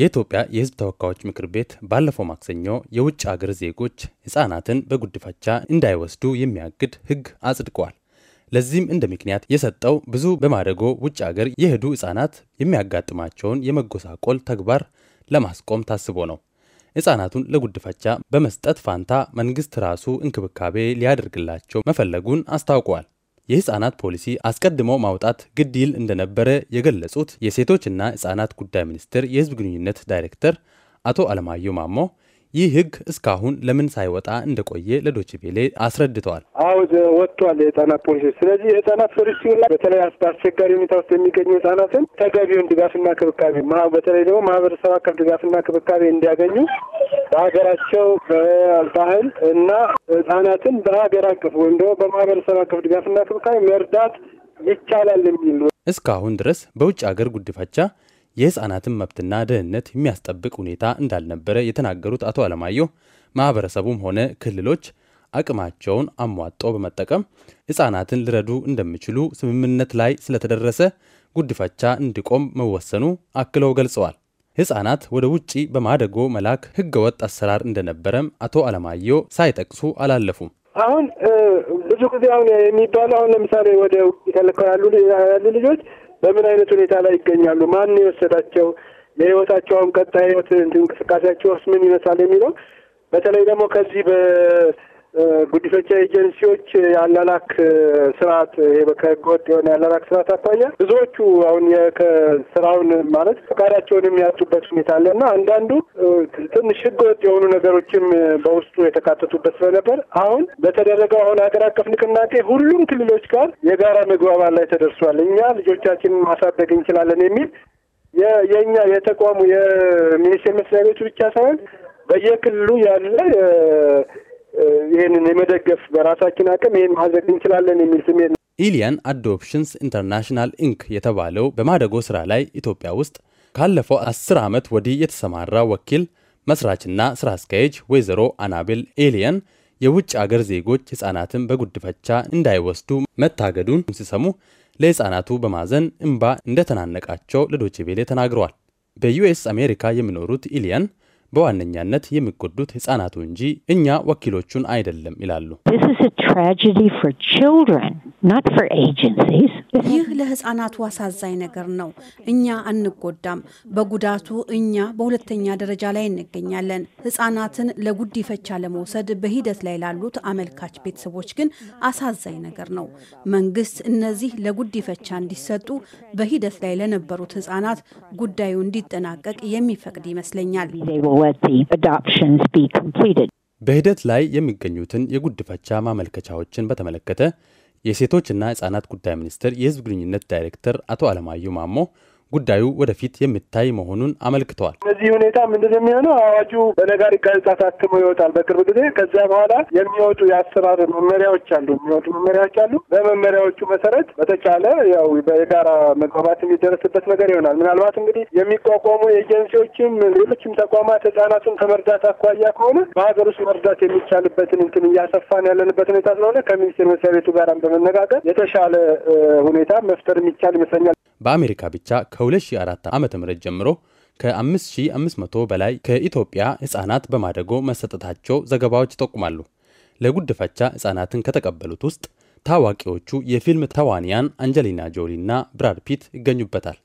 የኢትዮጵያ የሕዝብ ተወካዮች ምክር ቤት ባለፈው ማክሰኞ የውጭ አገር ዜጎች ሕፃናትን በጉድፈቻ እንዳይወስዱ የሚያግድ ሕግ አጽድቀዋል። ለዚህም እንደ ምክንያት የሰጠው ብዙ በማደጎ ውጭ አገር የሄዱ ሕፃናት የሚያጋጥማቸውን የመጎሳቆል ተግባር ለማስቆም ታስቦ ነው። ሕፃናቱን ለጉድፈቻ በመስጠት ፋንታ መንግስት ራሱ እንክብካቤ ሊያደርግላቸው መፈለጉን አስታውቋል። የህፃናት ፖሊሲ አስቀድሞ ማውጣት ግድ ይል እንደነበረ የገለጹት የሴቶችና ህፃናት ጉዳይ ሚኒስቴር የህዝብ ግንኙነት ዳይሬክተር አቶ አለማየሁ ማሞ ይህ ህግ እስካሁን ለምን ሳይወጣ እንደቆየ ለዶችቤሌ አስረድተዋል። አዎ ወጥቷል፣ የህጻናት ፖሊሲ። ስለዚህ የህጻናት ፖሊሲ ላይ በተለይ በአስቸጋሪ ሁኔታ ውስጥ የሚገኙ ህጻናትን ተገቢውን ድጋፍና ክብካቤ፣ በተለይ ደግሞ ማህበረሰብ አካል ድጋፍና ክብካቤ እንዲያገኙ በሀገራቸው በባህል እና ህጻናትን በሀገር አቀፍ ወይም ደግሞ በማህበረሰብ አቀፍ ድጋፍና ክብካቤ መርዳት ይቻላል የሚል እስካሁን ድረስ በውጭ ሀገር ጉድፈቻ የህጻናትን መብትና ደህንነት የሚያስጠብቅ ሁኔታ እንዳልነበረ የተናገሩት አቶ አለማየሁ ማህበረሰቡም ሆነ ክልሎች አቅማቸውን አሟጦ በመጠቀም ህጻናትን ሊረዱ እንደሚችሉ ስምምነት ላይ ስለተደረሰ ጉድፈቻ እንዲቆም መወሰኑ አክለው ገልጸዋል። ህጻናት ወደ ውጪ በማደጎ መላክ ህገወጥ አሰራር እንደነበረም አቶ አለማየሁ ሳይጠቅሱ አላለፉም። አሁን ብዙ ጊዜ አሁን የሚባለው አሁን ለምሳሌ ወደ ተልከው ያሉ ልጆች በምን አይነት ሁኔታ ላይ ይገኛሉ? ማን የወሰዳቸው? የህይወታቸው አሁን ቀጣይ ህይወት እንቅስቃሴያቸው ውስጥ ምን ይመስላል የሚለው በተለይ ደግሞ ከዚህ ጉዲፈቻ ኤጀንሲዎች የአላላክ ስርዓት ይሄ ከህገወጥ የሆነ የአላላክ ስርዓት አኳያ ብዙዎቹ አሁን ስራውን ማለት ፈቃዳቸውን የሚያጡበት ሁኔታ አለ እና አንዳንዱ ትንሽ ህገወጥ የሆኑ ነገሮችም በውስጡ የተካተቱበት ስለነበር አሁን በተደረገው አሁን ሀገር አቀፍ ንቅናቄ ሁሉም ክልሎች ጋር የጋራ መግባባት ላይ ተደርሷል። እኛ ልጆቻችንን ማሳደግ እንችላለን የሚል የእኛ የተቋሙ የሚኒስቴር መስሪያ ቤቱ ብቻ ሳይሆን በየክልሉ ያለ ይህንን የመደገፍ በራሳችን አቅም ይህን ማድረግ እንችላለን የሚል ስሜት ነው። ኢሊያን አዶፕሽንስ ኢንተርናሽናል ኢንክ የተባለው በማደጎ ስራ ላይ ኢትዮጵያ ውስጥ ካለፈው አስር ዓመት ወዲህ የተሰማራ ወኪል መስራችና ስራ አስኪያጅ ወይዘሮ አናቤል ኤሊያን የውጭ አገር ዜጎች ሕፃናትን በጉድፈቻ እንዳይወስዱ መታገዱን ሲሰሙ ለሕፃናቱ በማዘን እምባ እንደተናነቃቸው ለዶችቤሌ ተናግረዋል። በዩኤስ አሜሪካ የሚኖሩት ኢሊያን በዋነኛነት የሚጎዱት ህጻናቱ እንጂ እኛ ወኪሎቹን አይደለም ይላሉ። ይህ ለህፃናቱ አሳዛኝ ነገር ነው። እኛ አንጎዳም። በጉዳቱ እኛ በሁለተኛ ደረጃ ላይ እንገኛለን። ህጻናትን ለጉዲፈቻ ለመውሰድ በሂደት ላይ ላሉት አመልካች ቤተሰቦች ግን አሳዛኝ ነገር ነው። መንግስት እነዚህ ለጉዲፈቻ እንዲሰጡ በሂደት ላይ ለነበሩት ህጻናት ጉዳዩ እንዲጠናቀቅ የሚፈቅድ ይመስለኛል። በሂደት ላይ የሚገኙትን የጉዲፈቻ ማመልከቻዎችን በተመለከተ የሴቶችና ህጻናት ጉዳይ ሚኒስቴር የህዝብ ግንኙነት ዳይሬክተር አቶ አለማየሁ ማሞ ጉዳዩ ወደፊት የሚታይ መሆኑን አመልክተዋል። እነዚህ ሁኔታ ምንድን የሚሆነው አዋጁ በነጋሪት ጋዜጣ ታትሞ ይወጣል በቅርብ ጊዜ። ከዛ በኋላ የሚወጡ የአሰራር መመሪያዎች አሉ፣ የሚወጡ መመሪያዎች አሉ። በመመሪያዎቹ መሰረት በተቻለ ያው የጋራ መግባባት የሚደረስበት ነገር ይሆናል። ምናልባት እንግዲህ የሚቋቋሙ ኤጀንሲዎችም ሌሎችም ተቋማት ህጻናቱን ከመርዳት አኳያ ከሆነ በሀገር ውስጥ መርዳት የሚቻልበትን እንትን እያሰፋን ያለንበት ሁኔታ ስለሆነ ከሚኒስቴር መስሪያ ቤቱ ጋር በመነጋገር የተሻለ ሁኔታ መፍጠር የሚቻል ይመስለኛል። በአሜሪካ ብቻ ከ2004 ዓ ም ጀምሮ ከ5500 በላይ ከኢትዮጵያ ሕፃናት በማደጎ መሰጠታቸው ዘገባዎች ይጠቁማሉ። ለጉድፈቻ ሕፃናትን ከተቀበሉት ውስጥ ታዋቂዎቹ የፊልም ተዋንያን አንጀሊና ጆሊ እና ብራድ ፒት ይገኙበታል።